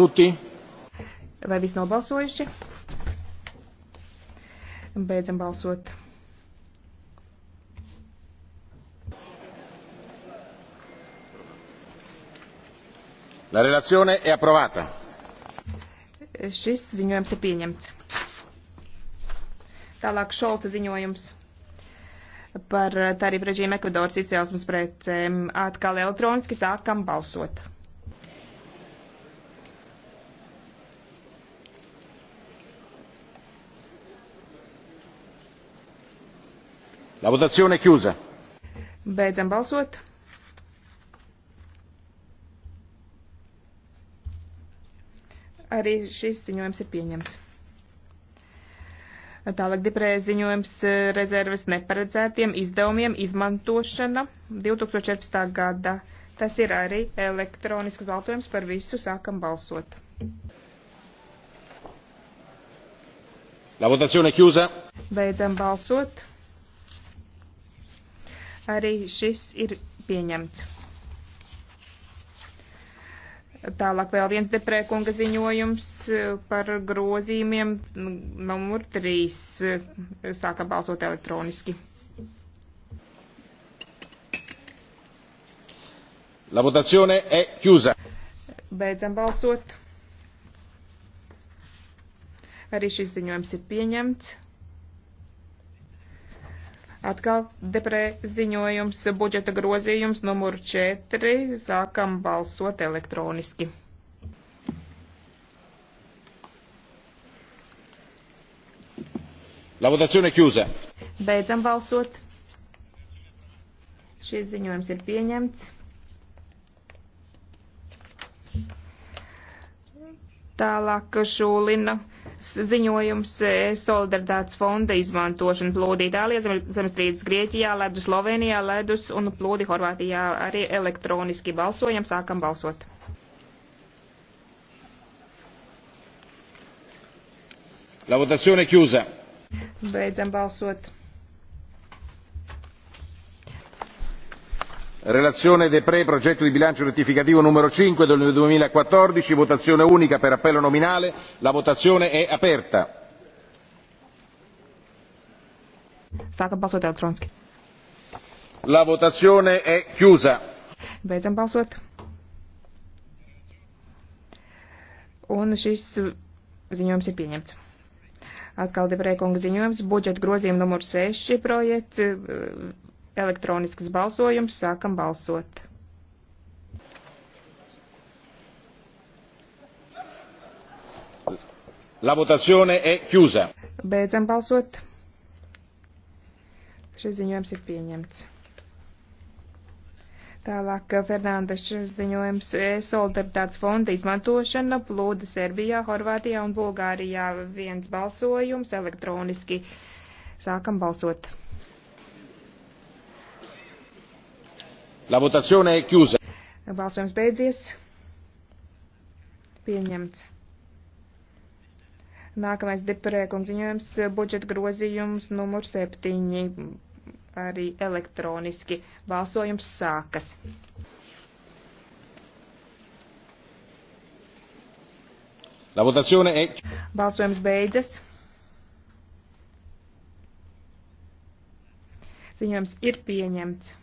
Puti. Vai viss nobalsojuši? Beidzam balsot. La relazione è approvata. Šis ziņojums ir pieņemts. Tālāk Šolta ziņojums par tarifu režīmu Ekvadoras izcelsmes precēm. Atkal elektroniski sākam balsot. La votazione è chiusa. Beidzam balsot. Arī šis ziņojums ir pieņemts. Tālāk deprēs ziņojums eh, rezerves neparedzētiem izdevumiem izmantošana 2014. gada. Tas ir arī elektronisks balsojums par visu, sākam balsot. La votazione chiusa. Beidzam balsot. Arī šis ir pieņemts. Tālāk vēl viens deprēkunga ziņojums eh, par grozījumiem numur 3. Eh, sākam balsot elektroniski. La votazione è chiusa. Beidzam balsot. Arī šis ziņojums ir pieņemts. Atkal deprē ziņojums, budžeta grozījums numur 4. Sākam balsot elektroniski. La votazione chiusa. Beidzam balsot. Šis ziņojums ir pieņemts. Tālāk Šūlina ziņojums e, solidaritātes fonda izmantošana plūdi Itālijā, zemestrīces Grieķijā, ledus Slovenijā, ledus un plūdi Horvātijā. Arī elektroniski balsojam, sākam balsot. La votazione chiusa. Beidzam balsot. relazione de pre progetto di bilancio rettificativo n. cinque del duemilaquattordici votazione unica per appello nominale la votazione è aperta. la votazione è chiusa. Un šis ziņojums ir pieņemts. Atkal Debrēkunga ziņojums, budžeta grozījuma numur 6 projekts, Elektronisks balsojums. Sākam balsot. La votazione è chiusa. Beidzam balsot. Šis ziņojums ir pieņemts. Tālāk eh, Fernandes ziņojums e-solidaritātes eh, fonda izmantošana plūda Serbijā, Horvātijā un Bulgārijā. Viens balsojums elektroniski. Sākam balsot. La votazione è chiusa. Balsojums beidzies. Pieņemts. Nākamais deprēkums ziņojums budžeta grozījums numur 7. Arī elektroniski balsojums sākas. La votazione è... Balsojums beidzas. Ziņojums ir pieņemts.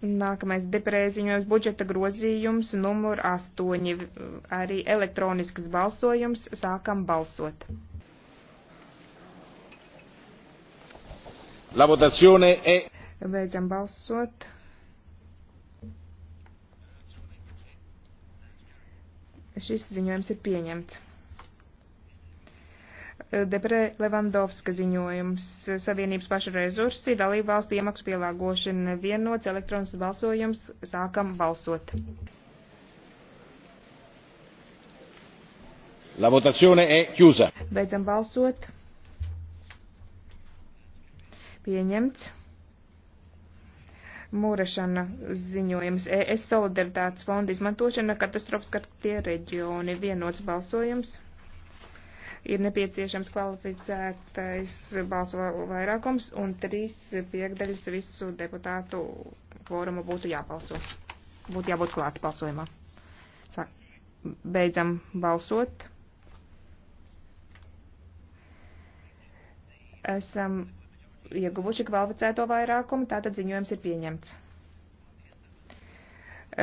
Nākamais deprēziņojums budžeta grozījums numur 8, arī elektronisks balsojums, sākam balsot. La votazione è... E... Beidzam balsot. Šis ziņojums ir pieņemts. Debre Levandovska ziņojums - Savienības pašu resursi, dalību valstu iemaksu pielāgošana, vienots elektronisks balsojums, sākam balsot. La votazione è chiusa. Beidzam balsot. Pieņemts. Mūrešana ziņojums ES solidaritātes fonda izmantošana katastrofas kartie reģioni. Vienots balsojums ir nepieciešams kvalificētais balsu vairākums un trīs piekdaļas visu deputātu kvoruma būtu jābalso. Būtu jābūt klāt balsojumā. Sāk. Beidzam balsot. Esam ieguvuši kvalificēto vairākumu, tātad ziņojums ir pieņemts.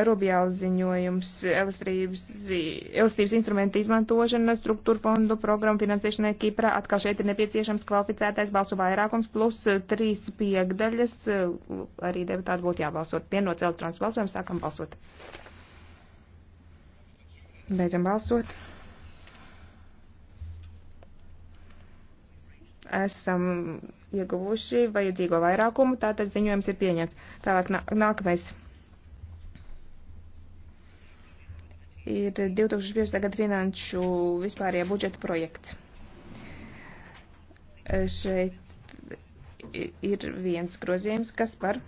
Rubjāls ziņojums, elastības, elastības instrumenta izmantošana, struktūra fondu programmu finansēšanai Kiprā. Atkal šeit ir nepieciešams kvalificētais balsu vairākums plus eh, trīs piekdaļas. Eh, arī deputāti būtu jābalsot. Vienots elektronisks balsojums, sākam balsot. Beidzam balsot. Esam ieguvuši vajadzīgo vairākumu, tātad ziņojums ir pieņemts. Tālāk nākamais. ir 2015. gada finanšu vispārējā budžeta projekts. E, šeit ir viens grozījums, kas par,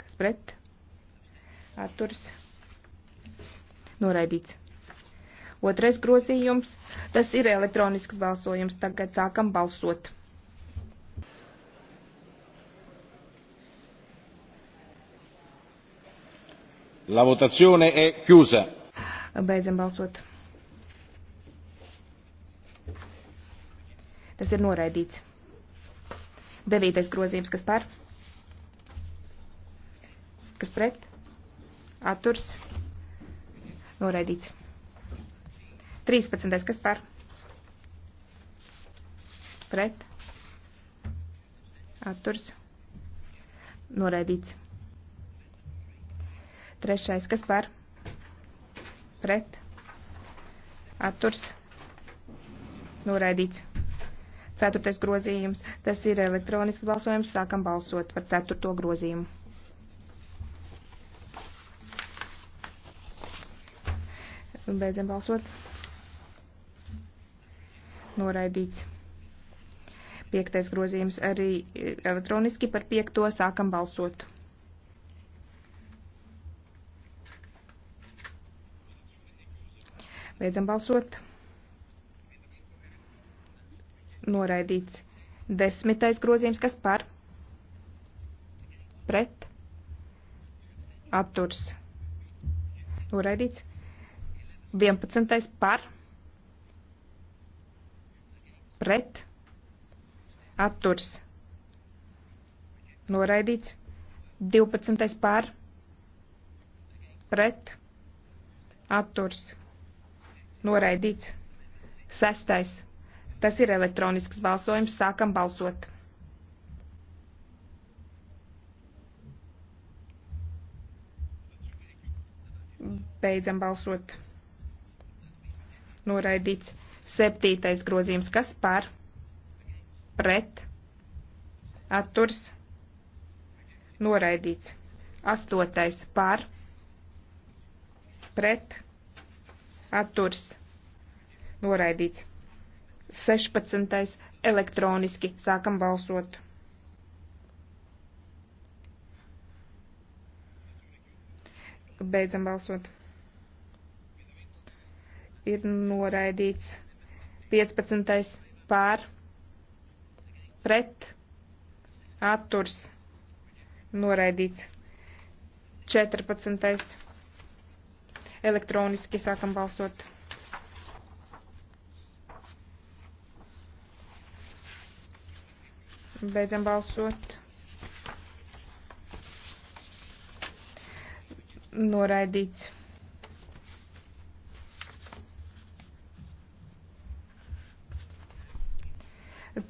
kas pret, atturs, noraidīts. Otrais grozījums, tas ir elektronisks balsojums, tagad sākam balsot. La votazione è chiusa. Beidzam balsot. Tas ir noraidīts. Devītais grozījums, kas par? Kas pret? Atturs. Noraidīts. 13. kas par? Pret. Atturs. Noraidīts. Trešais, kas par? Pret. Atturs. Noraidīts. Ceturtais grozījums. Tas ir elektronisks balsojums. Sākam balsot par ceturto grozījumu. Beidzam balsot. Noraidīts. Piektais grozījums arī elektroniski par piekto sākam balsot. Beidzam balsot. Noraidīts. Desmitais grozījums, kas par? Pret. Atturs. Noraidīts. Vienpadsmitais par? Pret. Atturs. Noraidīts. Divpadsmitais par? Pret. Atturs noraidīts. Sestais. Tas ir elektronisks balsojums. Sākam balsot. Beidzam balsot. Noraidīts. Septītais grozījums. Kas par? Pret. Atturs. Noraidīts. Astotais par. Pret atturs noraidīts. 16. elektroniski sākam balsot. Beidzam balsot. Ir noraidīts 15. pār, pret, atturs, noraidīts 14. Elektroniski sākam balsot. Beidzam balsot. Noraidīts.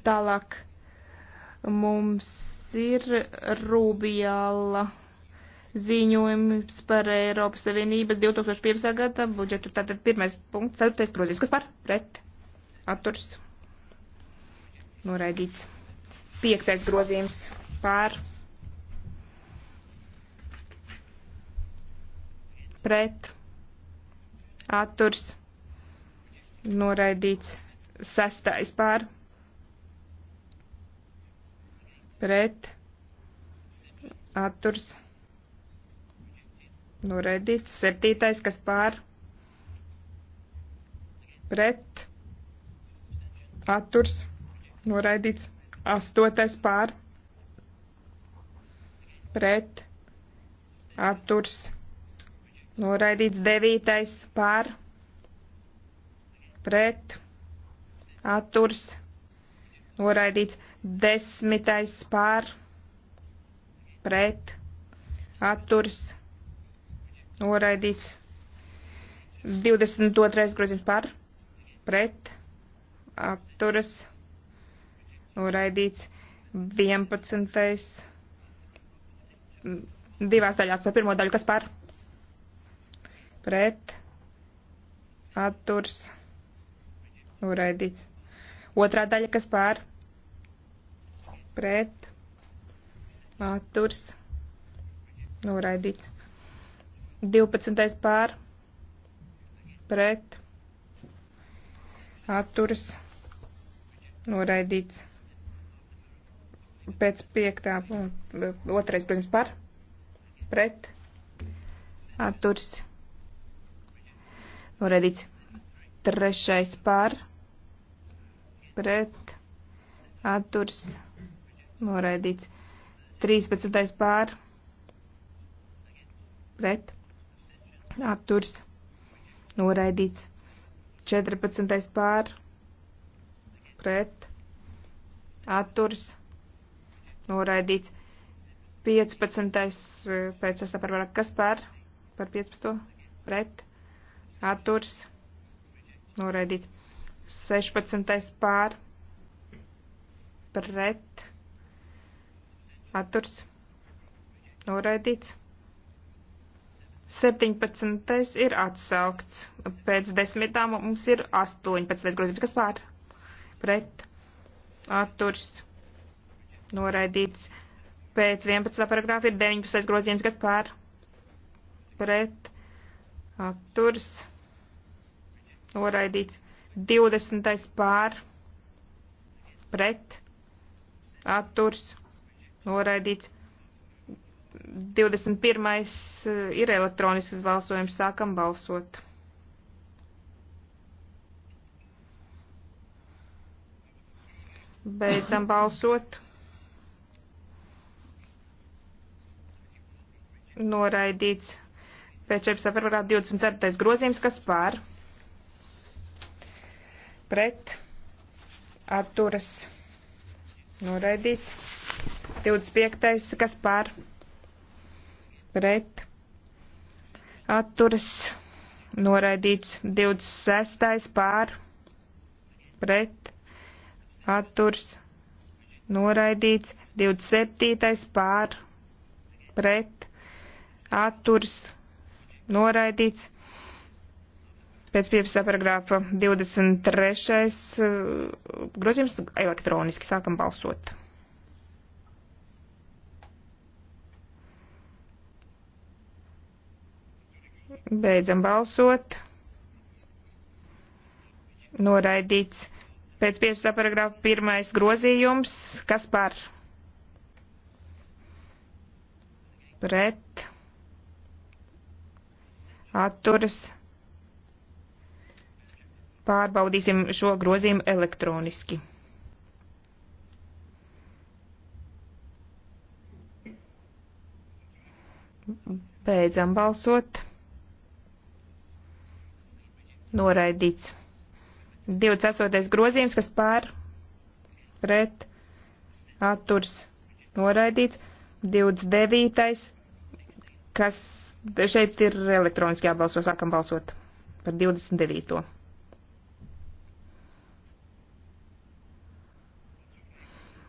Tālāk mums ir rūbijāla ziņojums par Eiropas Savienības 2015. gada budžetu. Tātad pirmais punkts, ceturtais grozījums, kas par pret atturs noraidīts. Piektais grozījums par pret atturs noraidīts. Sastais par pret atturs noraidīts Noraidīts. Nu, septītais, kas pār pret atturs. Noraidīts. Astotais pār pret atturs. Noraidīts. Devītais pār pret atturs. Noraidīts. Desmitais pār pret atturs noraidīts. 22. grozījums par, pret, atturas, noraidīts. 11. divās daļās par pirmo daļu, kas par, pret, atturs, noraidīts. Otrā daļa, kas pār, pret, atturs, noraidīts. 12. pār pret atturas noraidīts pēc 5. un 2. pirms par pret atturas noraidīts 3. pār pret atturas noraidīts 13. pār pret atturs noraidīts. 14. pār pret atturs noraidīts. 15. Eh, pēc 6. pārvarā, kas par, par 15. pret, atturs, noraidīts. 16. pār, pret, atturs, noraidīts. 17. ir atsaukts. Pēc desmitām mums ir 18. grozījums. Kas pār? Pret. Atturs. Noraidīts. Pēc 11. paragrāfa ir 19. grozījums. Kas pār? Pret. Atturs. Noraidīts. 20. pār. Pret. Atturs. Noraidīts. 21. Eh, ir elektronisks balsojums. Sākam balsot. Beidzam balsot. Noraidīts pēc 14. februārā 24. grozījums, kas pār pret atturas noraidīts. 25. kas pār pret pret atturas noraidīts 26. pār pret atturas noraidīts 27. pār pret atturas noraidīts pēc 15. paragrāfa 23. Eh, grozījums elektroniski sākam balsot. Beidzam balsot. Noraidīts. Pēc 15. paragrāfa pirmais grozījums. Kas par? Pret. Atturas. Pārbaudīsim šo grozījumu elektroniski. Beidzam balsot noraidīts. 28. grozījums, kas pār pret atturs noraidīts. 29. kas šeit ir elektroniski jābalso, sākam balsot par 29.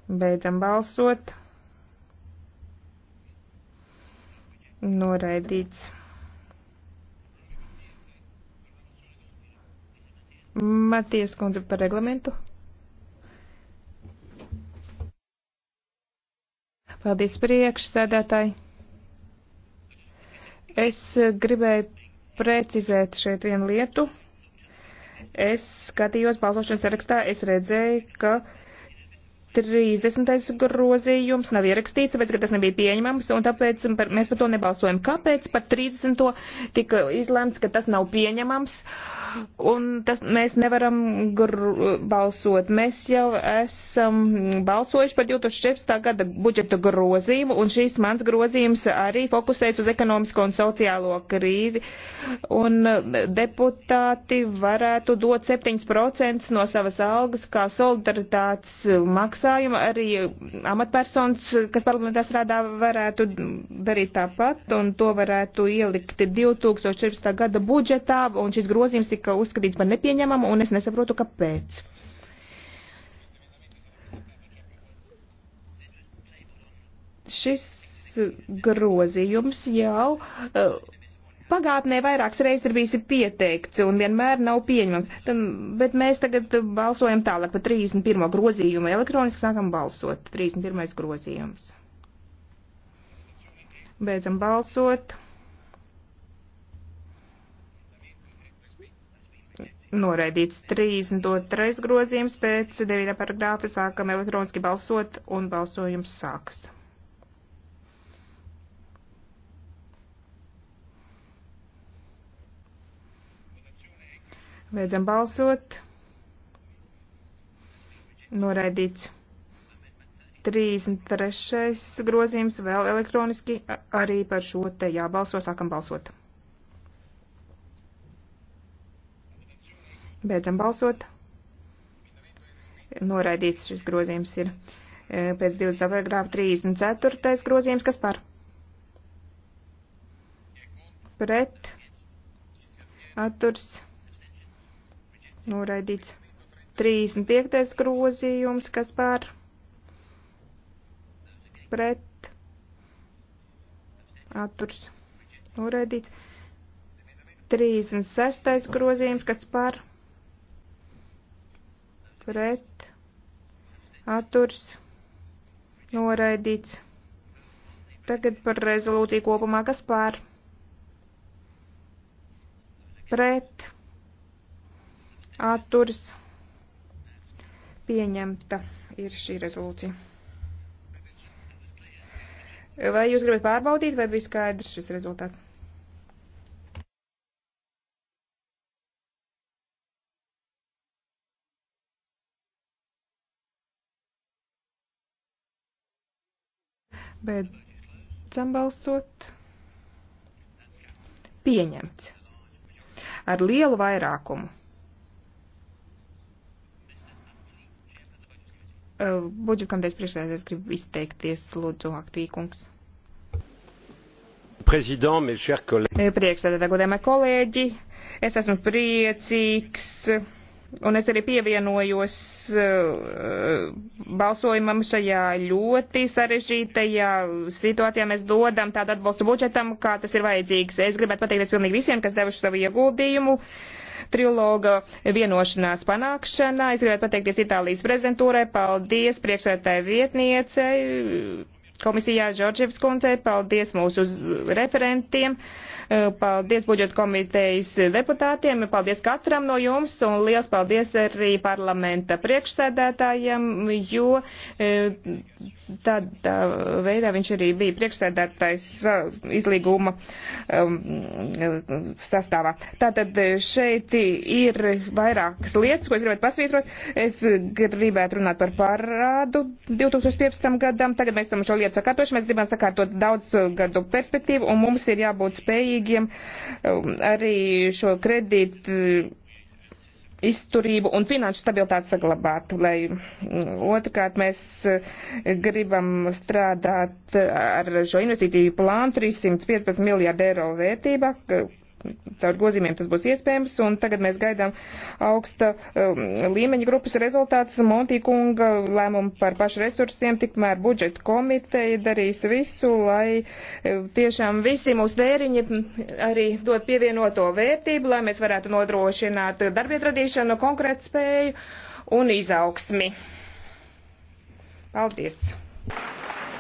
Beidzam balsot. Noraidīts. Matijas kundze par reglamentu. Paldies priekšsēdētāji. Es gribēju precizēt šeit vienu lietu. Es skatījos balsošanas sarakstā, es redzēju, ka 30. grozījums nav ierakstīts, tāpēc, ka tas nebija pieņemams, un tāpēc par, mēs par to nebalsojam. Kāpēc par 30. tika izlemts, ka tas nav pieņemams, un tas mēs nevaram balsot. Mēs jau esam balsojuši par 2014. gada budžeta grozījumu, un šīs mans grozījums arī fokusēts uz ekonomisko un sociālo krīzi, un uh, deputāti varētu dot 7% no savas algas kā solidaritātes maksā maksājumu, arī amatpersonas, kas parlamentā strādā, varētu darīt tāpat, un to varētu ielikt 2014. gada budžetā, un šis grozījums tika uzskatīts par nepieņemamu, un es nesaprotu, kāpēc. Šis grozījums jau. Uh, pagātnē vairākas reizes ir bijis pieteikts un vienmēr nav pieņemams. Tad, bet mēs tagad balsojam tālāk par 31. grozījumu. Elektroniski sākam balsot. 31. grozījums. Beidzam balsot. Noraidīts 32. grozījums pēc 9. paragrāfa sākam elektroniski balsot un balsojums sāks. Beidzam balsot. Noraidīts. 33. grozījums vēl elektroniski arī par šo te jābalso, sākam balsot. Beidzam balsot. Noraidīts šis grozījums ir e, pēc 20. paragrāfa 34. grozījums, kas par? Pret. Atturs noraidīts. 35. grozījums, kas pār pret atturs noraidīts. 36. grozījums, kas pār pret atturs noraidīts. Tagad par rezolūciju kopumā, kas pār pret atturs noraidīts atturas pieņemta ir šī rezolūcija. Vai jūs gribat pārbaudīt, vai bija skaidrs šis rezultāts? Beidzam balsot. Pieņemts. Ar lielu vairākumu. Eh, Budžeta komitejas priekšsēdētājs grib izteikties, lūdzu, Aktīkungs. Eh, Priekšsēdētāj, godējumie kolēģi, es esmu priecīgs. Un es arī pievienojos uh, balsojumam šajā ļoti sarežģītajā situācijā. Mēs dodam tādu atbalstu budžetam, kā tas ir vajadzīgs. Es gribētu pateikties pilnīgi visiem, kas devuši savu ieguldījumu. Uh, triloga vienošanās panākšanā. Es gribētu pateikties Itālijas prezidentūrai. Paldies priekšsētāju vietniecei komisijā Žorģevs kundzei, paldies mūsu referentiem, eh, paldies budžeta komitejas deputātiem, paldies katram no jums un liels paldies arī parlamenta priekšsēdētājiem, jo eh, tādā veidā viņš arī bija priekšsēdētājs eh, izlīguma ehm, sastāvā. Tātad šeit ir vairākas lietas, ko es gribētu pasvītrot. Es gribētu runāt par parādu 2015. gadam. Tagad mēs esam šo lietu vajadzību sakārtošanu. Mēs gribam sakārtot daudz eh, gadu perspektīvu, un mums ir jābūt spējīgiem um, arī šo kredītu eh, izturību un finanšu stabilitāti saglabāt, lai mm, otrkārt mēs eh, gribam strādāt ar šo investīciju plānu 315 miljārdu eiro vērtībā, caur grozījumiem tas būs iespējams, un tagad mēs gaidām augsta um, līmeņa grupas rezultātus Montīkunga lēmumu par pašu resursiem, tikmēr budžeta komiteja darīs visu, lai um, tiešām visi mūsu vēriņi arī dot pievienoto vērtību, lai mēs varētu nodrošināt darbiet radīšanu, konkrētu spēju un izaugsmi. Paldies!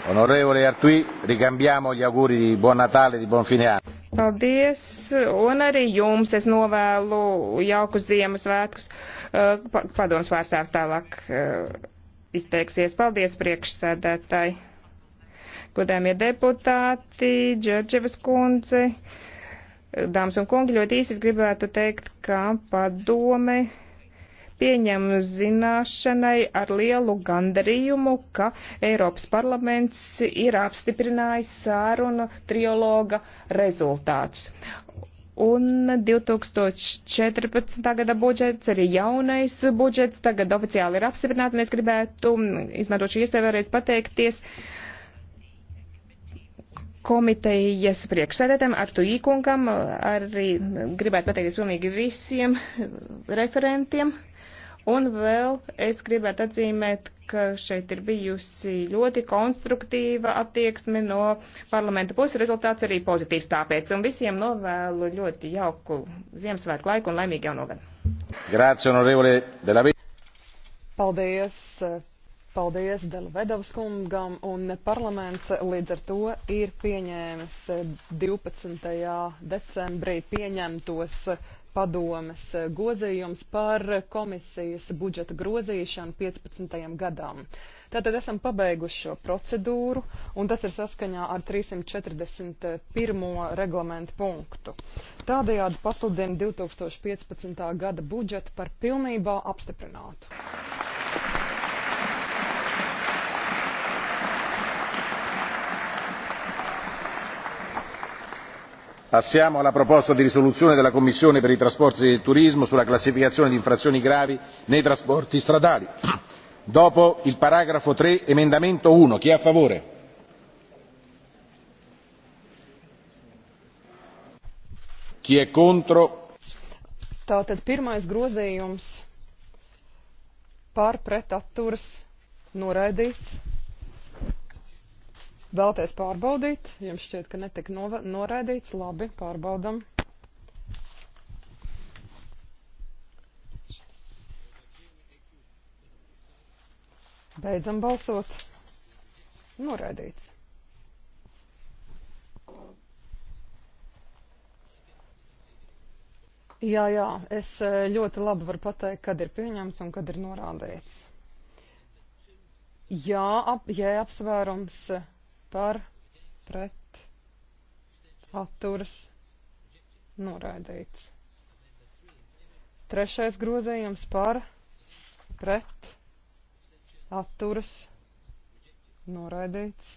Onorevole Artui, ricambiamo gli auguri di buon Natale, di buon fine anno. Paldies, un arī jums es novēlu jaukus Ziemassvētkus. Eh, padoms pārstāvs tālāk eh, izteiksies. Paldies, priekšsēdētāji. Godējumie deputāti, Džordževas kundze, dāmas un kungi, ļoti īsi gribētu teikt, ka padome pieņem zināšanai ar lielu gandarījumu, ka Eiropas parlaments ir apstiprinājis sārunu triologa rezultātus. Un 2014. gada budžets, arī jaunais budžets, tagad oficiāli ir apstiprināts. Mēs gribētu mm, izmantot šo iespēju vēlreiz pateikties komitejas priekšsēdētājiem, Artu Īkungam, arī gribētu pateikties pilnīgi visiem referentiem. Un vēl es gribētu atzīmēt, ka šeit ir bijusi ļoti konstruktīva attieksme no parlamenta puses, rezultāts arī pozitīvs tāpēc. Un visiem novēlu ļoti jauku Ziemassvētku laiku un laimīgu jaunu gadu. Grāci, honorevole, de la Paldies! Paldies Delvedovs kungam un parlaments līdz ar to ir pieņēmis 12. decembrī pieņemtos padomes eh, grozījums par komisijas budžeta grozīšanu 15. gadam. Tātad esam pabeiguši šo procedūru, un tas ir saskaņā ar 341. reglamentu punktu. Tādējādi pasludinu 2015. gada budžetu par pilnībā apstiprinātu. passiamo alla proposta di risoluzione della commissione per i trasporti e il turismo sulla classificazione di infrazioni gravi nei trasporti stradali. dopo il paragrafo tre emendamento uno chi è a favore? chi è contro? Tātad pirmais grozījums pār pret atturas noraidīts Vēlties pārbaudīt, jums šķiet, ka netika noraidīts, labi, pārbaudam. Beidzam balsot. Noraidīts. Jā, jā, es eh, ļoti labi varu pateikt, kad ir pieņemts un kad ir norādīts. Jā, ap, jā apsvērums par pret atturas noraidīts. Trešais grozījums par pret atturas noraidīts.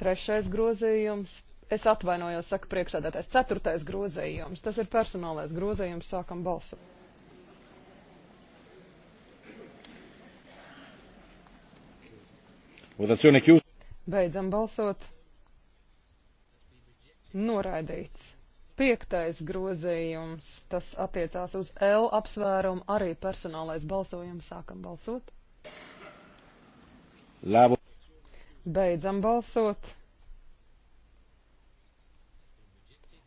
Trešais grozījums. Es atvainojos, saka priekšsēdētājs. Ceturtais grozījums. Tas ir personālais grozījums. Sākam balsot. Votazione chiusa. Beidzam balsot. Noraidīts. Piektais grozījums, tas attiecās uz L apsvērumu, arī personālais balsojums. Sākam balsot. Labu. Beidzam balsot.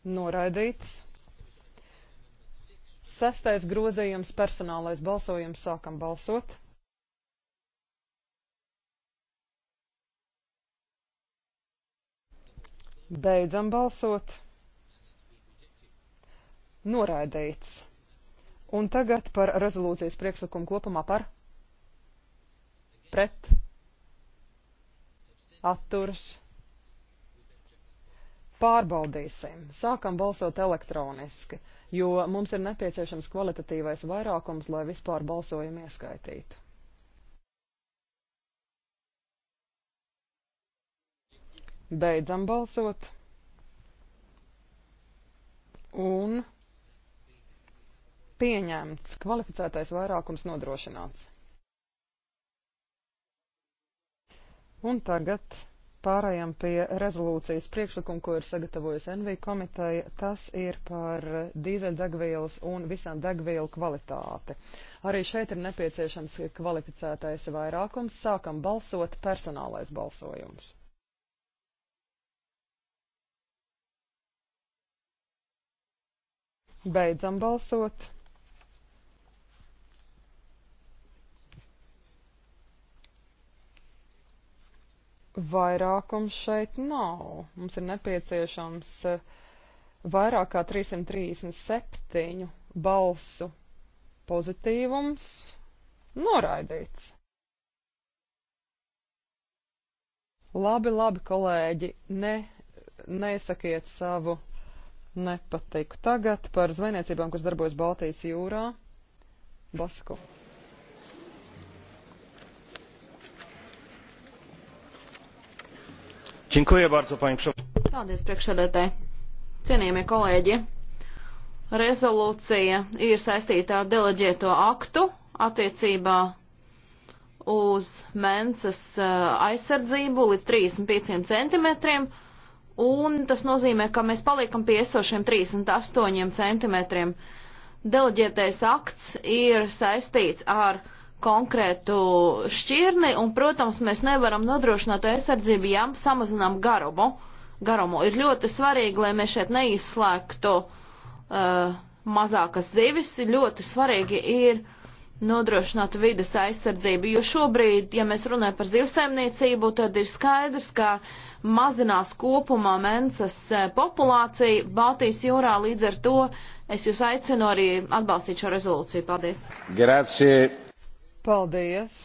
Noraidīts. Sestais grozījums personālais balsojums sākam balsot. Beidzam balsot. Noraidīts. Un tagad par rezolūcijas priekšlikumu kopumā par pret atturas. Pārbaudīsim. Sākam balsot elektroniski, jo mums ir nepieciešams kvalitatīvais vairākums, lai vispār balsojumu ieskaitītu. Beidzam balsot. Un pieņemts kvalificētais vairākums nodrošināts. Un tagad pārējām pie rezolūcijas priekšlikuma, ko ir sagatavojusi NV komiteja. Tas ir par dīzeļdegvielas un visām degvielu kvalitāti. Arī šeit ir nepieciešams kvalificētais vairākums. Sākam balsot personālais balsojums. Beidzam balsot. Vairākums šeit nav. Mums ir nepieciešams eh, vairāk kā 337 balsu pozitīvums noraidīts. Labi, labi, kolēģi, ne, nesakiet savu nepatiku. Tagad par zvejniecībām, kas darbojas Baltijas jūrā. Basko. Paldies, priekšsēdētāji. Cienījamie kolēģi, rezolūcija ir saistīta ar deleģēto aktu attiecībā uz mences eh, aizsardzību līdz 35 centimetriem un tas nozīmē, ka mēs paliekam pie esošiem 38 centimetriem. Deleģētais akts ir saistīts ar konkrētu šķirni, un, protams, mēs nevaram nodrošināt aizsardzību, ja samazinām garumu. garumu. Ir ļoti svarīgi, lai mēs šeit neizslēgtu uh, mazākas zivis, ļoti svarīgi ir nodrošināt vides aizsardzību, jo šobrīd, ja mēs runājam par zivsaimniecību, tad ir skaidrs, ka mazinās kopumā mences e, populācija Baltijas jūrā, līdz ar to es jūs aicinu arī atbalstīt šo rezolūciju. Paldies! Grazie! Paldies!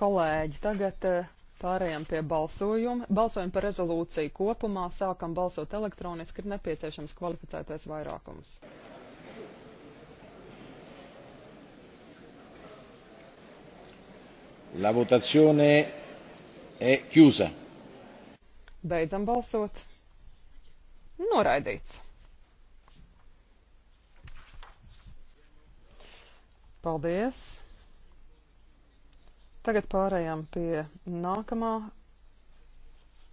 Kolēģi, tagad e, pārējām pie balsojuma. Balsojam par rezolūciju kopumā, sākam balsot elektroniski, ir nepieciešams kvalificētais vairākums. La votazione è chiusa. Beidzam balsot. Noraidīts. Paldies! Tagad pārējām pie nākamā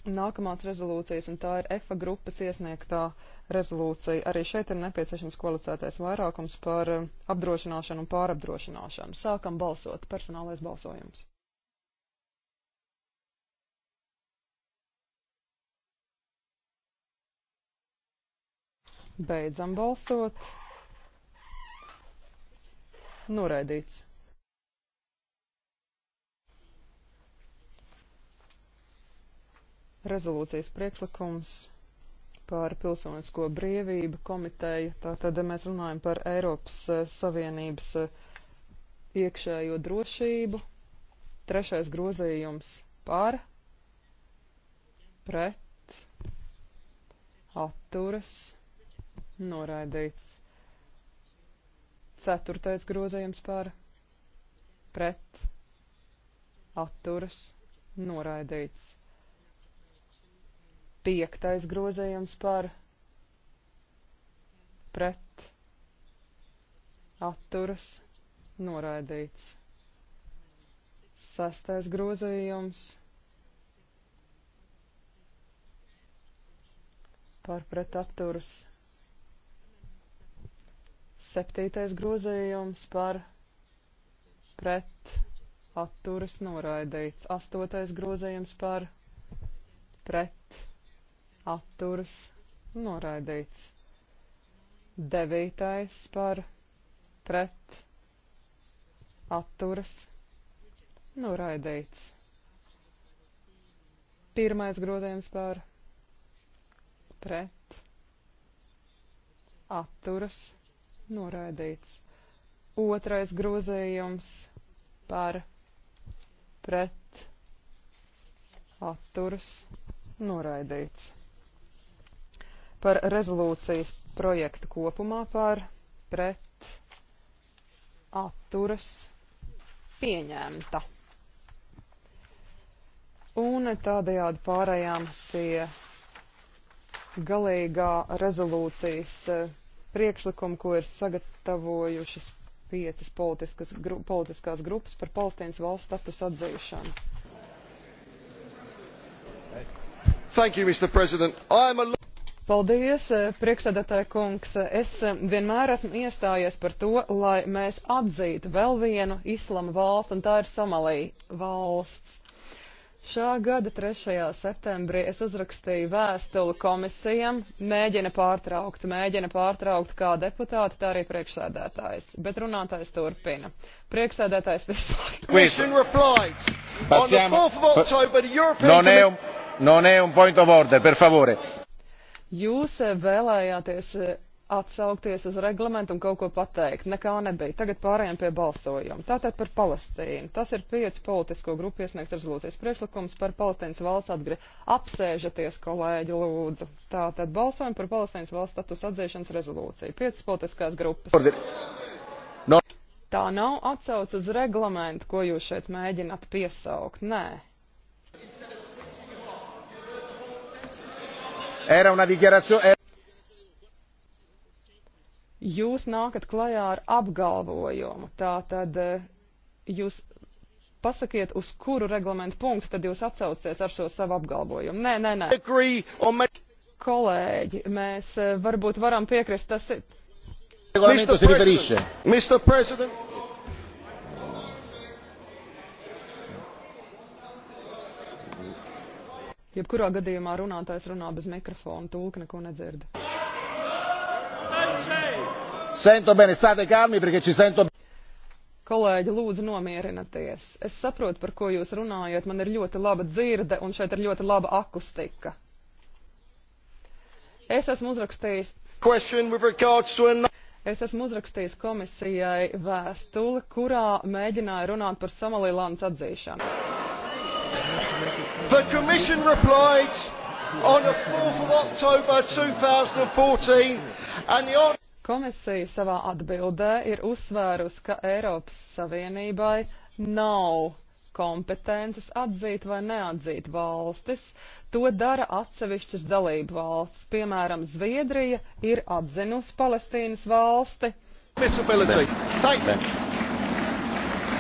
Nākamās rezolūcijas, un tā ir EFA grupas iesniegtā rezolūcija. Arī šeit ir nepieciešams kvalificētais vairākums par eh, apdrošināšanu un pārapdrošināšanu. Sākam balsot. Personālais balsojums. Beidzam balsot. Noraidīts. rezolūcijas priekšlikums par pilsonisko brīvību komiteju. Tātad mēs runājam par Eiropas eh, Savienības eh, iekšējo drošību. Trešais grozījums par, pret, atturas, noraidīts. Ceturtais grozījums par, pret, atturas, noraidīts. Piektais grozējums par pret atturas noraidīts. Sastais grozējums par pret atturas. Septītais grozējums par pret atturas noraidīts. Astotais grozējums par pret atturas noraidīts. Devītais par pret atturas noraidīts. Pirmais grozījums par pret atturas noraidīts. Otrais grozījums par pret atturas noraidīts par rezolūcijas projektu kopumā par pret atturas pieņemta. Un tādējādi pārējām pie galīgā rezolūcijas eh, priekšlikuma, ko ir sagatavojušas piecas politiskas, gru, politiskās grupas par Palestīnas valsts status atzīšanu. Thank you, Mr. President. I am a Paldies, eh, priekšsēdētāja kungs. Es eh, vienmēr esmu iestājies par to, lai mēs atzītu vēl vienu islama valstu, un tā ir Somalija valsts. Šā gada 3. septembrī es uzrakstīju vēstuli komisijam, mēģina pārtraukt, mēģina pārtraukt kā deputāti, tā arī priekšsēdētājs, bet runātājs turpina. Priekšsēdētājs visu laiku. Non è un point of order, per favore Jūs eh, vēlējāties eh, atsaukties uz reglamentu un kaut ko pateikt. Nekā nebija. Tagad pārējām pie balsojuma. Tātad par Palestīnu. Tas ir pieci politisko grupu iesniegts rezolūcijas priekšlikums par Palestīnas valsts atgri. Apsēžaties, kolēģi, lūdzu. Tātad balsojam par Palestīnas valsts status atzīšanas rezolūciju. Piecas politiskās grupas. No. Tā nav atsauc uz reglamentu, ko jūs šeit mēģināt piesaukt. Nē. Era una dichiarazione. Jūs nākat klajā ar apgalvojumu, tā tad eh, jūs pasakiet, uz kuru reglamentu punktu tad jūs atsaucaties ar šo savu apgalvojumu. Nē, nē, nē. Kolēģi, mēs eh, varbūt varam piekrist, tas ir. Mr. President, Mr. President. Jebkurā gadījumā runātājs runā bez mikrofona, tulka neko nedzird. Sento bene, state calmi, perché ci sento. Kolēģi, lūdzu, nomierinieties. Es saprotu, par ko jūs runājat. Man ir ļoti laba dzirde un šeit ir ļoti laba akustika. Es esmu uzrakstījis. Es esmu uzrakstījis komisijai vēstuli, kurā mēģināju runāt par Somalilandes atzīšanu. The Commission replied on the 4th of October 2014 and the answer Komisija savā atbildē ir uzsvērusi, ka Eiropas Savienībai nav kompetences atzīt vai neatzīt valstis. To dara atsevišķas dalību valstis. Piemēram, Zviedrija ir atzinusi Palestīnas valsti.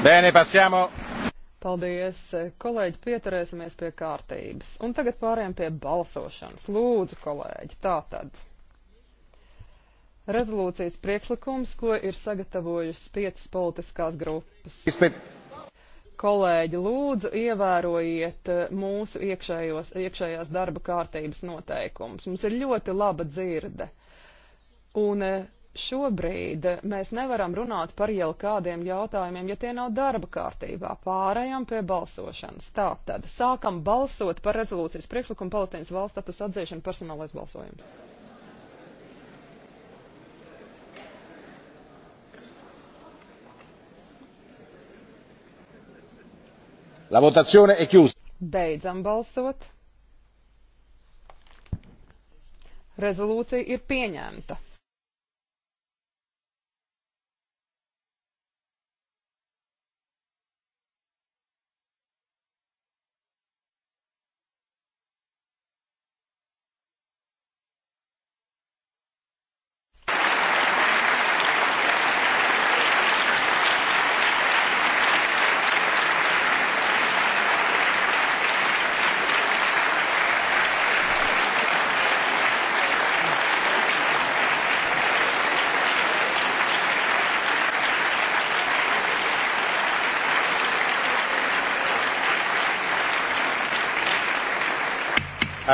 Bene, passiamo Paldies, kolēģi, pieturēsimies pie kārtības. Un tagad pārējām pie balsošanas. Lūdzu, kolēģi, tātad. Rezolūcijas priekšlikums, ko ir sagatavojusi piecas politiskās grupas. Izpēt. Kolēģi, lūdzu, ievērojiet eh, mūsu iekšējos, iekšējās darba kārtības noteikumus. Mums ir ļoti laba dzirde. Un eh, šobrīd mēs nevaram runāt par jau kādiem jautājumiem, ja tie nav darba kārtībā. Pārējām pie balsošanas. Tātad sākam balsot par rezolūcijas priekšlikumu Palestīnas valsts status atzīšanu personālais balsojums. La votazione è chiusa. Beidzam balsot. Rezolūcija ir pieņemta.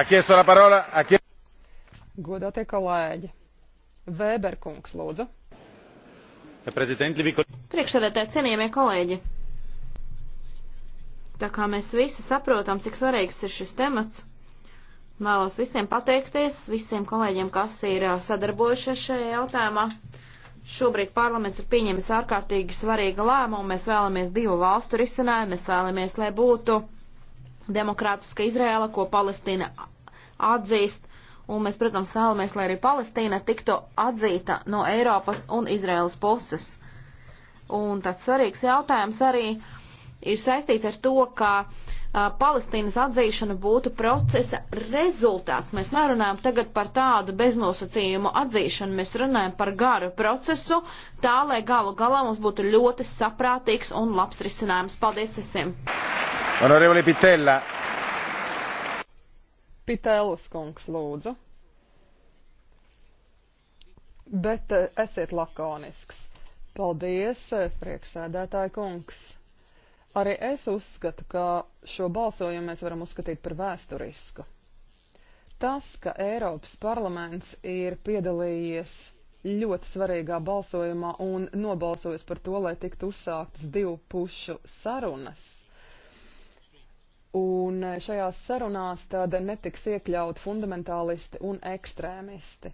Godātie kolēģi, Vēberkungs, lūdzu. Priekšsēdētāji, cienījamie kolēģi, tā kā mēs visi saprotam, cik svarīgs ir šis temats, vēlos visiem pateikties, visiem kolēģiem, kas ir sadarbojušies šajā jautājumā. Šobrīd parlaments ir pieņēmis ārkārtīgi svarīgu lēmumu. Mēs vēlamies divu valstu risinājumu. Mēs vēlamies, lai būtu demokrātiska Izrēla, ko Palestīna atzīst, un mēs, protams, vēlamies, lai arī Palestīna tiktu atzīta no Eiropas un Izraēlas puses. Un tāds svarīgs jautājums arī ir saistīts ar to, ka a, Palestīnas atzīšana būtu procesa rezultāts. Mēs nerunājam tagad par tādu beznosacījumu atzīšanu, mēs runājam par garu procesu, tā lai galu galā mums būtu ļoti saprātīgs un labs risinājums. Paldies visiem! Honorevole Pitella, Pitēlis kungs lūdzu. Bet eh, esiet lakonisks. Paldies, eh, prieksēdētāja kungs. Arī es uzskatu, ka šo balsojumu mēs varam uzskatīt par vēsturisku. Tas, ka Eiropas parlaments ir piedalījies ļoti svarīgā balsojumā un nobalsojis par to, lai tiktu uzsāktas divu pušu sarunas, Un eh, šajās sarunās tad netiks iekļaut fundamentālisti un ekstrēmisti.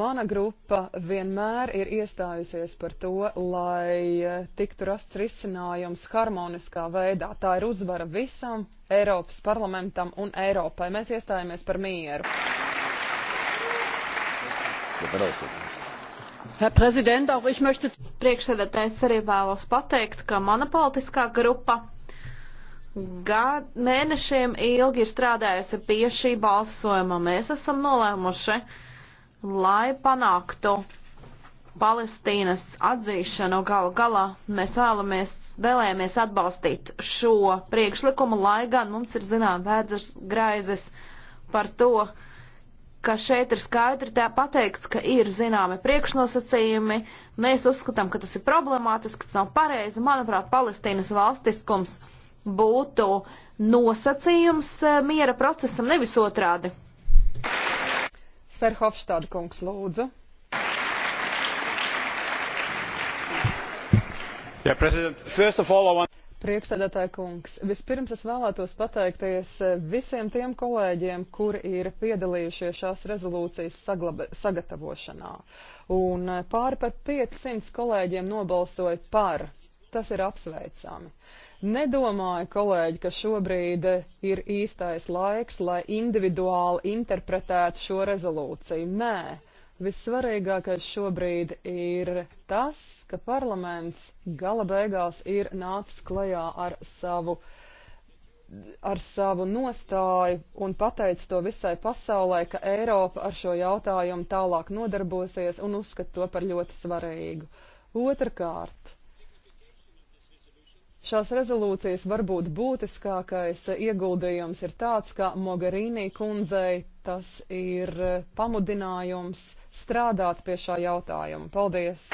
Mana grupa vienmēr ir iestājusies par to, lai eh, tiktu rasts risinājums harmoniskā veidā. Tā ir uzvara visam Eiropas parlamentam un Eiropai. Mēs iestājāmies par mieru. Priekšsēdētājs arī vēlos pateikt, ka mana politiskā grupa gad, mēnešiem ilgi ir strādājusi pie šī balsojuma. Mēs esam nolēmuši, lai panāktu Palestīnas atzīšanu galu galā. Mēs vēlamies, vēlējamies atbalstīt šo priekšlikumu, lai gan mums ir zinām vēdzers graizes par to, ka šeit ir skaidri tā pateikts, ka ir zināmi priekšnosacījumi. Mēs uzskatām, ka tas ir problemātiski, tas nav pareizi. Manuprāt, Palestīnas valstiskums būtu nosacījums e, miera procesam, nevis otrādi. Ferhofstāda kungs lūdzu. Yeah, want... Priekšsēdētāja kungs, vispirms es vēlētos pateikties e, visiem tiem kolēģiem, kuri ir piedalījušies šās rezolūcijas saglaba, sagatavošanā. Un e, pāri par 500 kolēģiem nobalsoja par Tas ir apsveicami. Nedomāju, kolēģi, ka šobrīd ir īstais laiks, lai individuāli interpretētu šo rezolūciju. Nē, Vissvarīgākais šobrīd ir tas, ka parlaments gala beigās ir nācis klajā ar savu, ar savu nostāju un pateicis to visai pasaulē, ka Eiropa ar šo jautājumu tālāk nodarbosies un uzskata to par ļoti svarīgu. Otrakārt, Šās rezolūcijas varbūt būtiskākais ieguldījums ir tāds, ka Mogarīnī kundzei tas ir pamudinājums strādāt pie šā jautājuma. Paldies!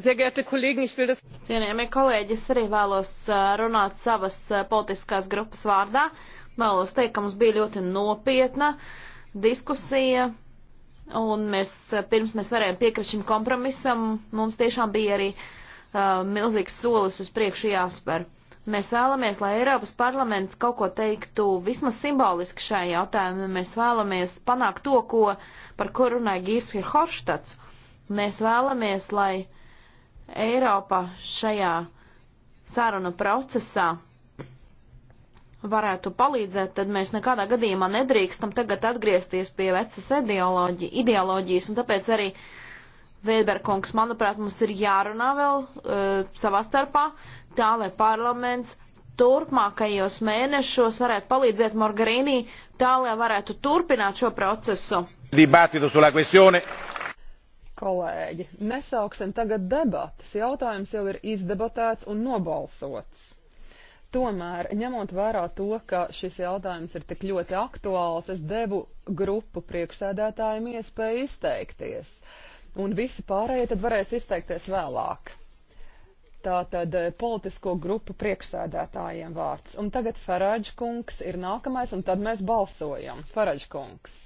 Cienījamie kolēģi, es arī vēlos uh, runāt savas uh, politiskās grupas vārdā. Vēlos teikt, ka mums bija ļoti nopietna diskusija un mēs, eh, pirms mēs varējām piekrist šim kompromisam, mums tiešām bija arī uh, milzīgs solis uz priekšu jāspēr. Mēs vēlamies, lai Eiropas parlaments kaut ko teiktu vismaz simboliski šajā jautājumā. Mēs vēlamies panākt to, ko, par ko runāja Gīrs Hirhorštats. Mēs vēlamies, lai Eiropa šajā sarunu procesā varētu palīdzēt, tad mēs nekādā gadījumā nedrīkstam tagad atgriezties pie vecas ideoloģi, ideoloģijas, un tāpēc arī Vēberkungs, manuprāt, mums ir jārunā vēl uh, savā starpā, tā lai parlaments turpmākajos mēnešos varētu palīdzēt Morgarīnī, tā lai varētu turpināt šo procesu. Kolēģi, nesauksim tagad debatas. Jautājums jau ir izdebatēts un nobalsots. Tomēr, ņemot vērā to, ka šis jautājums ir tik ļoti aktuāls, es devu grupu priekšsēdētājiem iespēju izteikties, un visi pārējie tad varēs izteikties vēlāk. Tātad eh, politisko grupu priekšsēdētājiem vārds. Un tagad Farage kungs ir nākamais, un tad mēs balsojam. Farage kungs.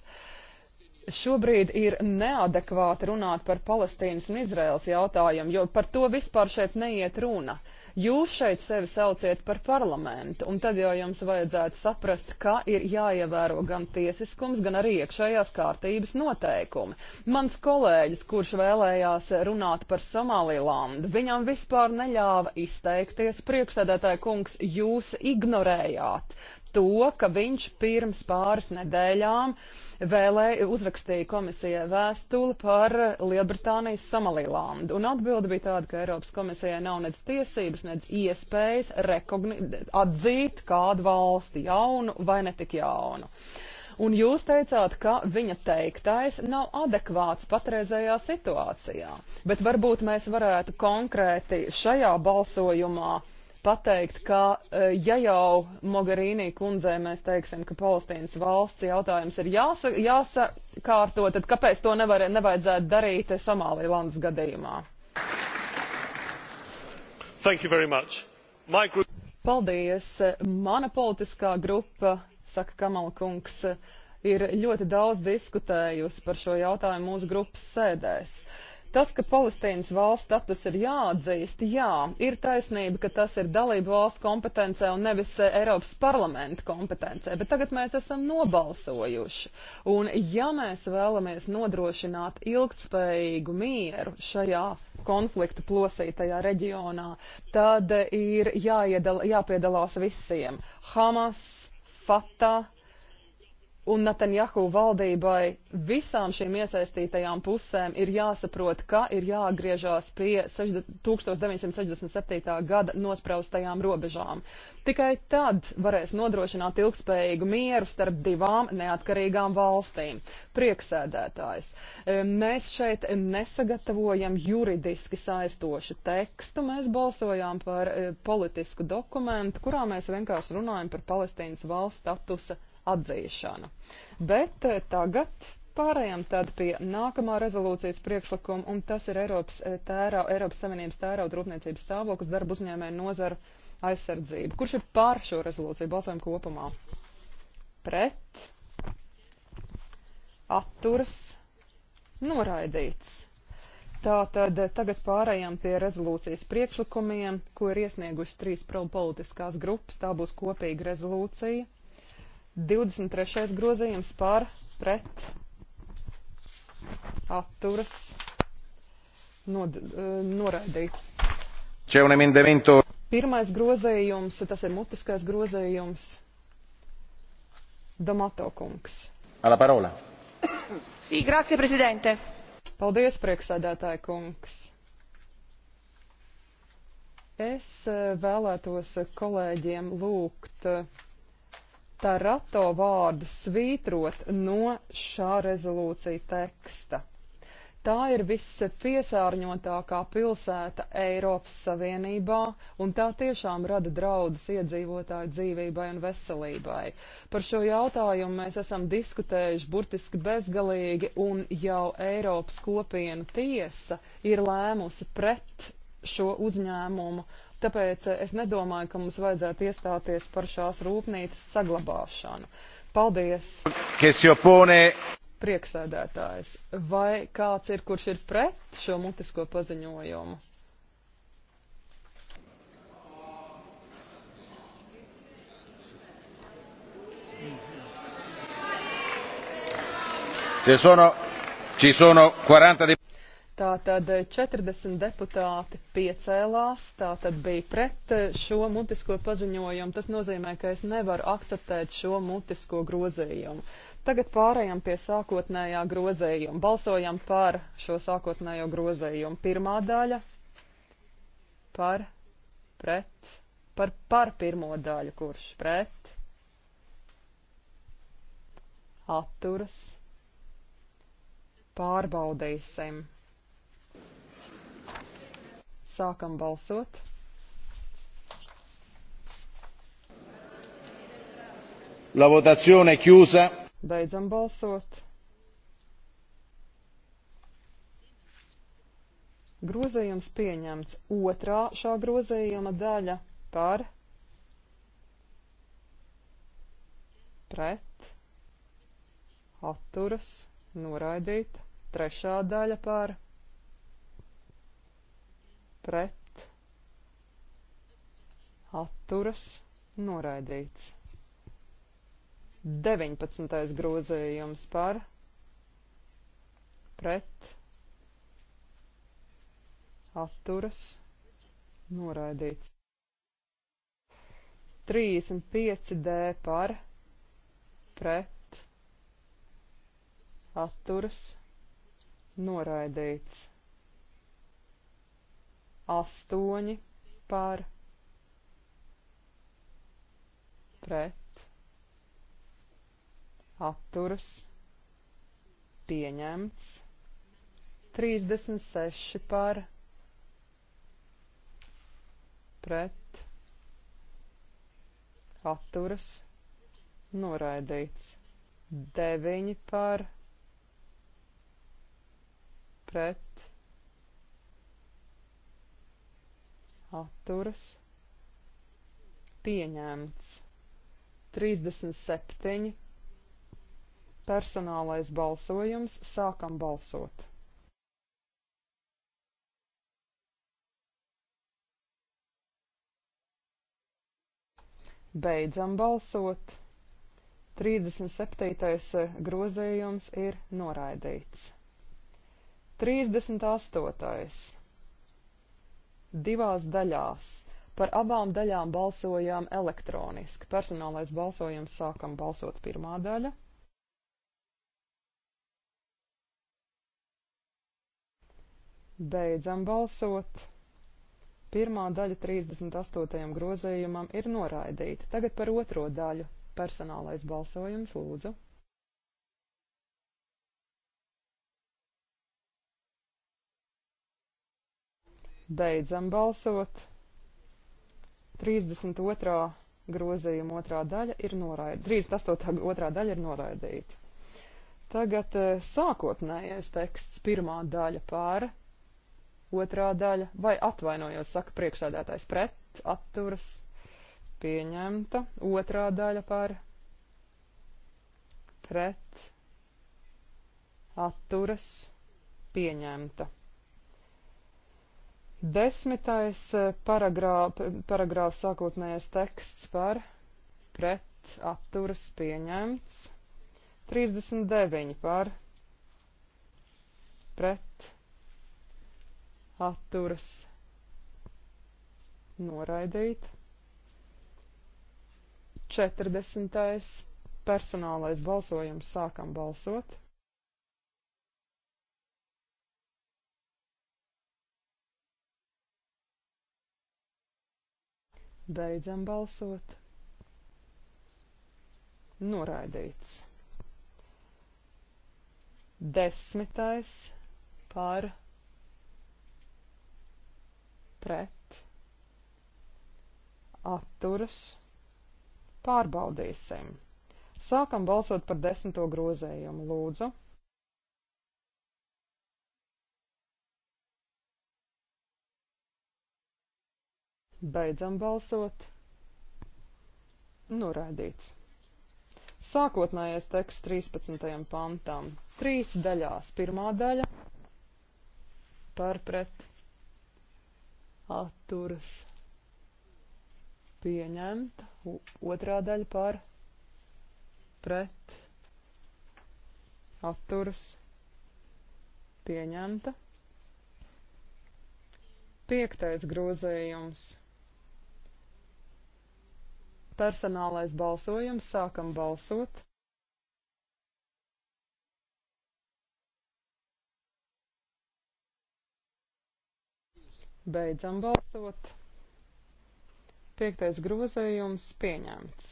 Šobrīd ir neadekvāti runāt par Palestīnas un Izraels jautājumu, jo par to vispār šeit neiet runa. Uh, Jūs šeit sevi sauciet par parlamentu, un tad jau jums vajadzētu saprast, ka ir jāievēro gan tiesiskums, gan arī iekšējās kārtības noteikumi. Mans kolēģis, kurš vēlējās runāt par Somalilandu, viņam vispār neļāva izteikties. Priekšsēdētāja kungs, jūs ignorējāt to, ka viņš pirms pāris nedēļām vēlēja uzrakstīja komisijai vēstuli par Lielbritānijas Somalīlandu. Un atbilde bija tāda, ka Eiropas komisijai nav nec tiesības, nec iespējas atzīt kādu valsti jaunu vai netik jaunu. Un jūs teicāt, ka viņa teiktais nav adekvāts patreizējā situācijā. Bet varbūt mēs varētu konkrēti šajā balsojumā uh, pateikt, ka e, ja jau Mogherīnī kundzei mēs teiksim, ka Palestīnas valsts jautājums ir jāsa, jāsakārto, tad kāpēc to nevar, nevajadzētu darīt Somālīlandes gadījumā? Thank you very much. My group... Paldies. Mana politiskā grupa, saka Kamala kungs, ir ļoti daudz diskutējusi par šo jautājumu mūsu grupas sēdēs. Uh, Tas, ka Palestīnas valsts status ir jāatzīst, jā, ir taisnība, ka tas ir dalību valsts kompetencē un nevis eh, Eiropas parlamenta kompetencē, bet tagad mēs esam nobalsojuši. Un ja mēs vēlamies nodrošināt ilgtspējīgu mieru šajā konfliktu plosītajā reģionā, tad ir jāiedala, jāpiedalās visiem. Hamas, Fatah, un Netanjahu valdībai visām šīm iesaistītajām pusēm ir jāsaprot, ka ir jāatgriežās pie 1967. gada nospraustajām robežām. Tikai tad varēs nodrošināt ilgspējīgu mieru starp divām neatkarīgām valstīm. Prieksēdētājs. E, mēs šeit nesagatavojam juridiski saistošu tekstu, mēs balsojām par e, politisku dokumentu, kurā mēs vienkārši runājam par Palestīnas valsts statusa atzīšanu. Bet eh, tagad pārējām tad pie nākamā rezolūcijas priekšlikuma, un tas ir Eiropas, eh, tērā, Eiropas Savienības tērauda rūpniecības stāvoklis darba uzņēmēju nozara aizsardzību. Kurš ir pār šo rezolūciju? Balsojam kopumā. Pret. Atturas. Noraidīts. Tātad eh, tagad pārējām pie rezolūcijas priekšlikumiem, ko ir iesniegušas trīs politiskās grupas. Tā būs kopīga rezolūcija 23. grozījums par pret atturas nod, e, noraidīts. Pirmais grozījums, tas ir mutiskais grozījums. Damato kungs. Alla parola. Sī, grazie, prezidente. Paldies, prieksēdētāji kungs. Es e, vēlētos kolēģiem lūgt tarato vārdu svītrot no šā rezolūcija teksta. Tā ir vispiesārņotākā pilsēta Eiropas Savienībā, un tā tiešām rada draudus iedzīvotāju dzīvībai un veselībai. Par šo jautājumu mēs esam diskutējuši burtiski bezgalīgi, un jau Eiropas kopienu tiesa ir lēmusi pret šo uzņēmumu Tāpēc eh, es nedomāju, ka mums vajadzētu iestāties par šās rūpnīcas saglabāšanu. Paldies! Prieksēdētājs, vai kāds ir, kurš ir pret šo mutisko paziņojumu? Ci sono, ci sono 40 di... Tātad 40 deputāti piecēlās, tātad bija pret šo mutisko paziņojumu. Tas nozīmē, ka es nevaru akceptēt šo mutisko grozījumu. Tagad pārējām pie sākotnējā grozījuma. Balsojam par šo sākotnējo grozījumu. Pirmā daļa par pret, par, par pirmo daļu, kurš pret, atturas, pārbaudīsim. Sākam balsot. La votazione è chiusa. Beidzam balsot. Grozījums pieņemts. Otrā šā grozījuma daļa par pret, atturas, noraidīt, trešā daļa par pret, atturas, noraidīts. 19. grozījums par, pret, atturas, noraidīts. 35D par, pret, atturas, noraidīts. 8 par pret atturas pieņemts 36 par pret atturas noraidīts 9 par pret atturas, pieņemts. 37. Personālais balsojums. Sākam balsot. Beidzam balsot. 37. Eh, grozījums ir noraidīts. 38 divās daļās. Par abām daļām balsojām elektroniski. Personālais balsojums sākam balsot pirmā daļa. Beidzam balsot. Pirmā daļa 38. grozējumam ir noraidīta. Tagad par otro daļu. Personālais balsojums lūdzu. Beidzam balsot. 32. grozījuma otrā daļa ir noraidīta. 38. otrā daļa ir noraidīta. Tagad eh, sākotnējais teksts, pirmā daļa pār, otrā daļa, vai atvainojos, saka priekšsēdētājs pret, atturas, pieņemta, otrā daļa pār, pret, atturas, pieņemta. Desmitais eh, paragrāf, paragrāfs sākotnējais teksts par pret atturas pieņemts. 39 par pret atturas noraidīt. 40. personālais balsojums sākam balsot. Beidzam balsot. Noraidīts. Desmitais par pret atturas pārbaudīsim. Sākam balsot par desmito grozējumu, lūdzu. Beidzam balsot. Noraidīts. Sākotnējais teksts 13. pantam. Trīs daļās. Pirmā daļa par pret atturas pieņemta. Otrā daļa par pret atturas pieņemta. Piektais grozējums personālais balsojums, sākam balsot. Beidzam balsot. Piektais grozējums pieņemts.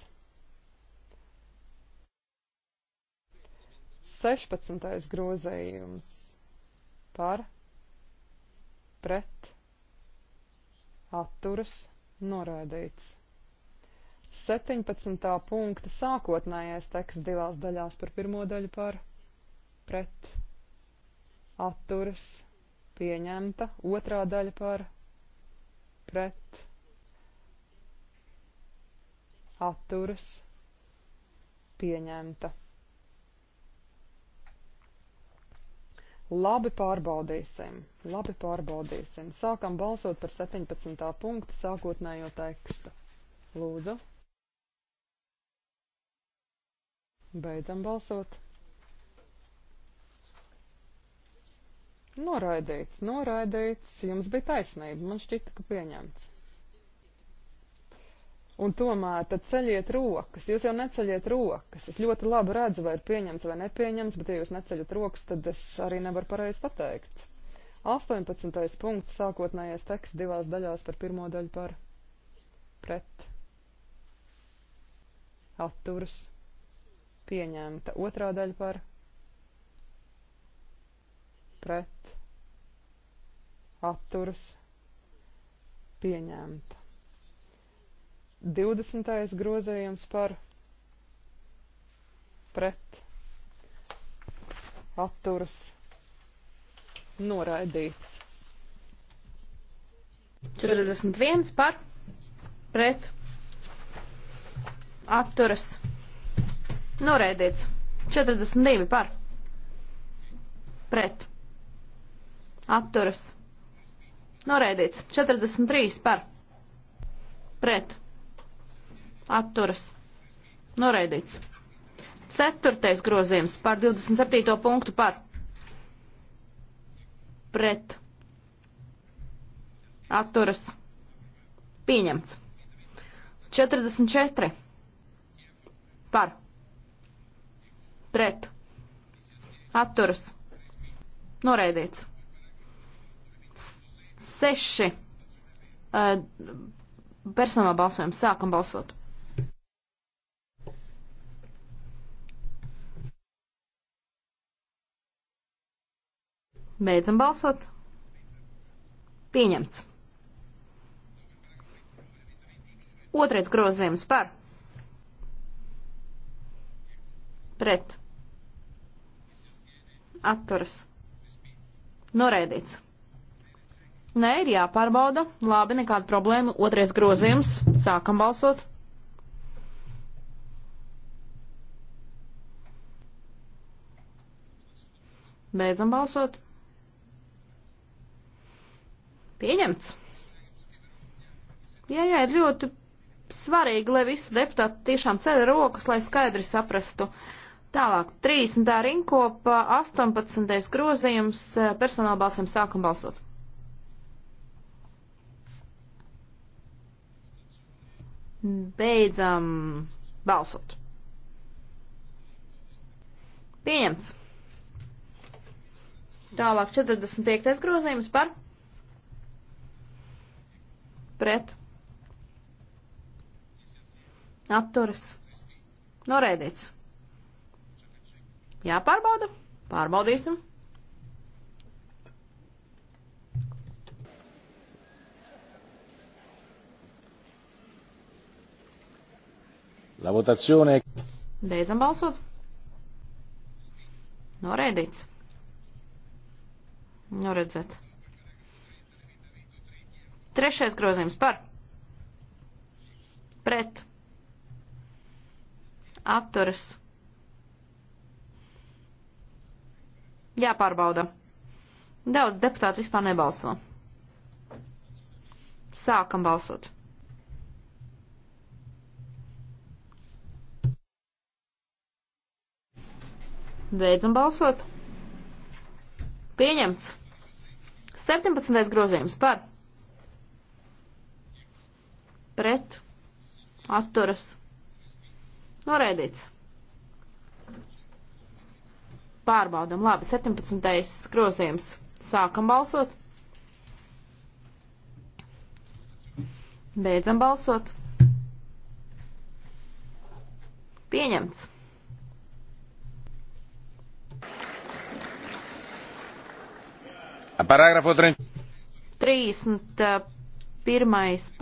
16. grozējums par pret atturas noraidīts. 17. punkta sākotnējais teksts divās daļās par pirmo daļu par pret atturas pieņemta, otrā daļa par pret atturas pieņemta. Labi pārbaudīsim, labi pārbaudīsim. Sākam balsot par 17. punktu sākotnējo tekstu. Lūdzu. Beidzam balsot. Noraidīts, noraidīts, jums bija taisnība, man šķita, ka pieņemts. Un tomēr tad ceļiet rokas, jūs jau neceļiet rokas, es ļoti labi redzu, vai ir pieņemts vai nepieņemts, bet ja jūs neceļat rokas, tad es arī nevaru pareizi pateikt. 18. punkts, sākotnējais teksts divās daļās par pirmo daļu par pret atturas pieņemta. Otrā daļa par pret atturas pieņemta. 20. grozējums par pret atturas noraidīts. 41 par pret atturas Noraidīts. 42 par. Pret. Atturas. Noraidīts. 43 par. Pret. Atturas. Noraidīts. Ceturtais grozījums par 27. punktu par. Pret. Atturas. Pieņemts. 44. Par pret, atturas, noraidīts. Seši personāla balsojums, sākam balsot. Beidzam balsot. Pieņemts. Otrais grozījums par pret, atturas, norēdīts. Nē, ir jāpārbauda, labi, nekāda problēma, otrais grozījums, sākam balsot. Beidzam balsot. Pieņemts. Jā, jā, ir ļoti svarīgi, lai visi deputāti tiešām ceļ rokas, lai skaidri saprastu, uh, Tālāk, 30. rinkopa, 18. grozījums, eh, personāla balsojums sākam balsot. Beidzam balsot. Pieņemts. Tālāk, 45. grozījums par pret atturas. Noraidīts. Jāpārbauda? Pārbaudīsim. La votazione. Beidzam balsot. Noraidīts. Nu redzēt. Trešais grozījums par. Pret. Atturas. Jāpārbauda. Daudz deputātu vispār nebalso. Sākam balsot. Beidzam balsot. Pieņemts. 17. grozījums par. Pret. Atturas. Noraidīts. Pārbaudam, labi, 17. grozījums. Sākam balsot. Beidzam balsot. Pieņemts. Parāgrafu 31.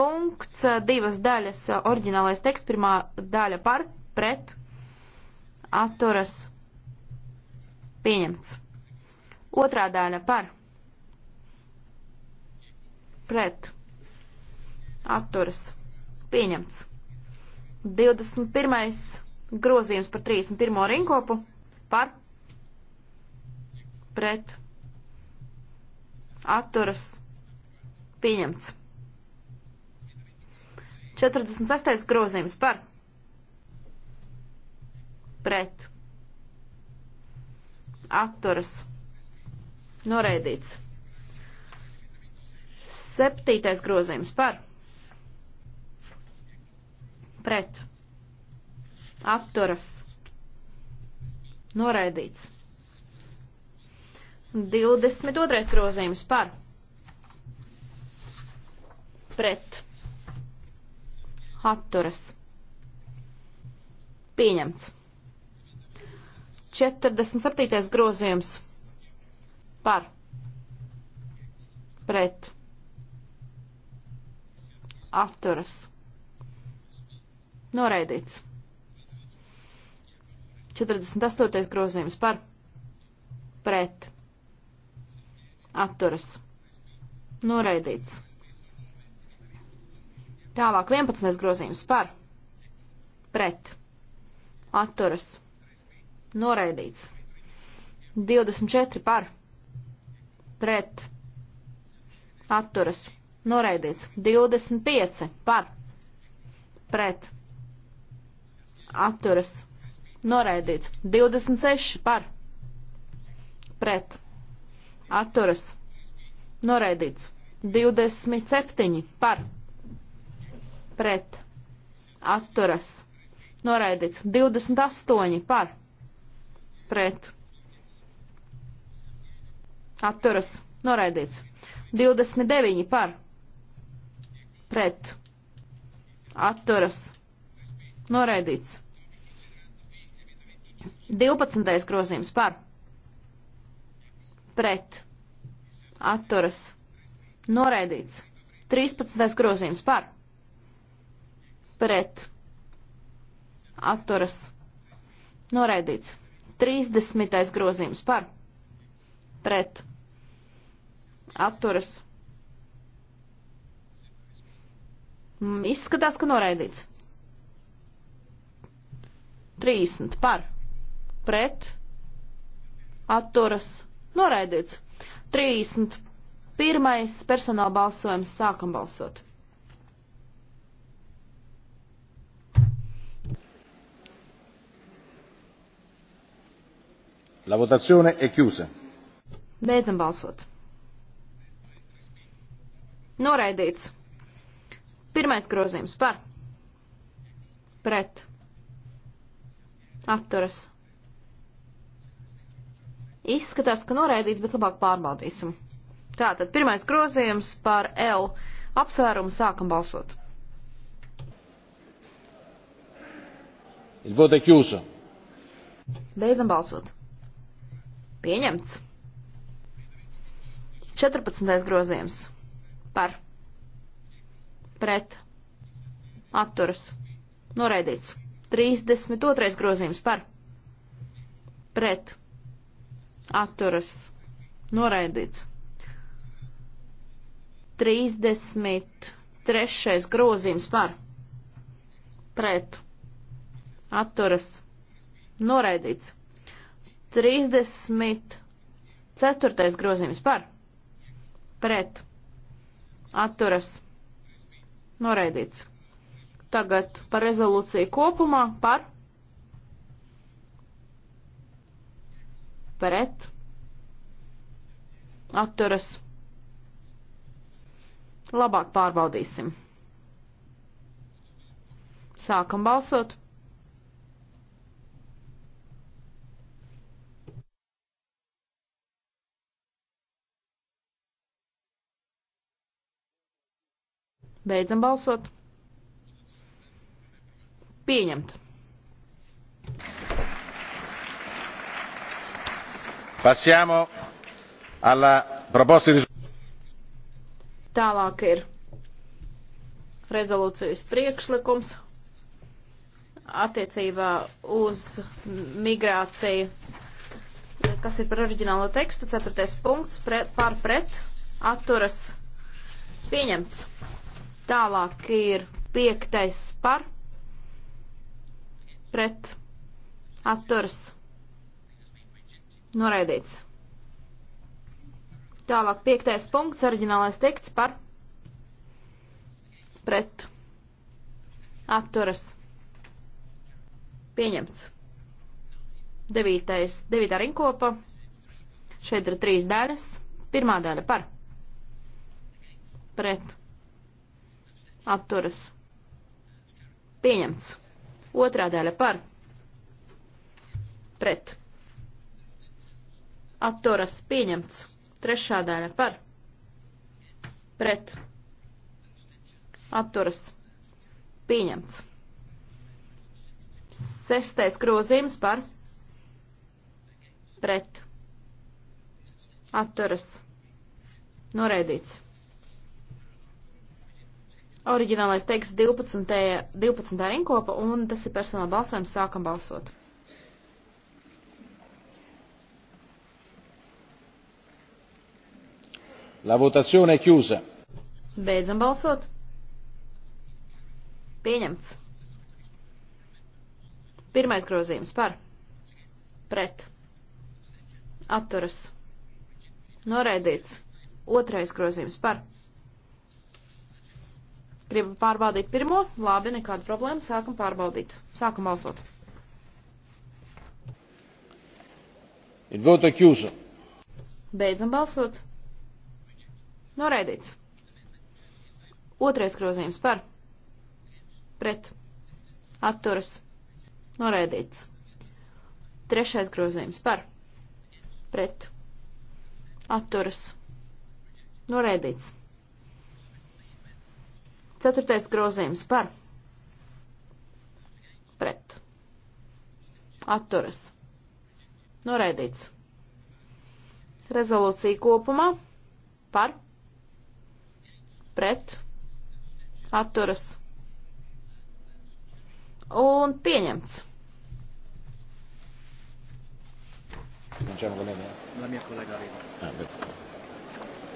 punkts, divas daļas, oriģinālais teksts, pirmā daļa par, pret, atturas, Pieņemts. Otrā daļa par. Pret. Atturas. Pieņemts. 21. grozījums par 31. rinkopu. Par. Pret. Atturas. Pieņemts. 46. grozījums par. Pret atturas noraidīts. Septītais grozījums par pret atturas noraidīts. 22. grozījums par pret atturas pieņemts. 47. grozījums par pret atturas noraidīts. 48. grozījums par pret atturas noraidīts. Tālāk 11. grozījums par pret atturas noraidīts Noraidīts. 24 par. Pret. Atturas. Noraidīts. 25 par. Pret. Atturas. Noraidīts. 26 par. Pret. Atturas. Noraidīts. 27 par. Pret. Atturas. Noraidīts. 28 par pret atturas noraidīts. 29 par pret atturas noraidīts. 12. grozījums par pret atturas noraidīts. 13. grozījums par pret atturas noraidīts. 30. grozījums par pret atturas. Mm, izskatās, ka noraidīts. 30 par pret atturas noraidīts. 31. personāla balsojums sākam balsot. La votazione è chiusa. Beidzam balsot. Noraidīts. Pirmais grozījums par. Pret. Atturas. Izskatās, ka noraidīts, bet labāk pārbaudīsim. Tātad pirmais grozījums par L apsvērumu sākam balsot. Il voto è chiuso. Beidzam balsot. Pieņemts. 14. grozījums par pret atturas noraidīts. 32. grozījums par pret atturas noraidīts. 33. grozījums par pret atturas noraidīts. 34. grozījums par, pret, atturas, noraidīts. Tagad par rezolūciju kopumā par, pret, atturas. Labāk pārbaudīsim. Sākam balsot. Beidzam balsot. Pieņemt. Passiamo alla proposta di Tālāk ir rezolūcijas priekšlikums attiecībā uz migrāciju, kas ir par oriģinālo tekstu, ceturtais punkts, pret, par pret, atturas pieņemts. Tālāk ir piektais par pret atturas noraidīts. Tālāk piektais punkts, oriģinālais teksts par pret atturas pieņemts. Devītais, devītā rinkopa. Šeit ir trīs daļas. Pirmā daļa par pret apturas pieņemts. Otrā daļa par pret apturas pieņemts. Trešā daļa par pret apturas pieņemts. Sestais grozījums par pret atturas noraidīts. Oriģinālais teiks 12. 12. rinkopa, un tas ir personāla balsojums. Sākam balsot. La votazione è chiusa. Beidzam balsot. Pieņemts. Pirmais grozījums par. Pret. Atturas. Noraidīts. Otrais grozījums par. Gribu pārbaudīt pirmo. Labi, nekāda problēma. Sākam pārbaudīt. Sākam balsot. Ir vota kjūsa. Beidzam balsot. Noraidīts. Otrais grozījums par. Pret. Atturas. Noraidīts. Trešais grozījums par. Pret. Atturas. Noraidīts. Ceturtais grozījums par pret. Atturas. Noraidīts. Rezolūcija kopumā par pret. Atturas. Un pieņemts. Buongiorno, la mia, la mia collega Riva. Ah, beh.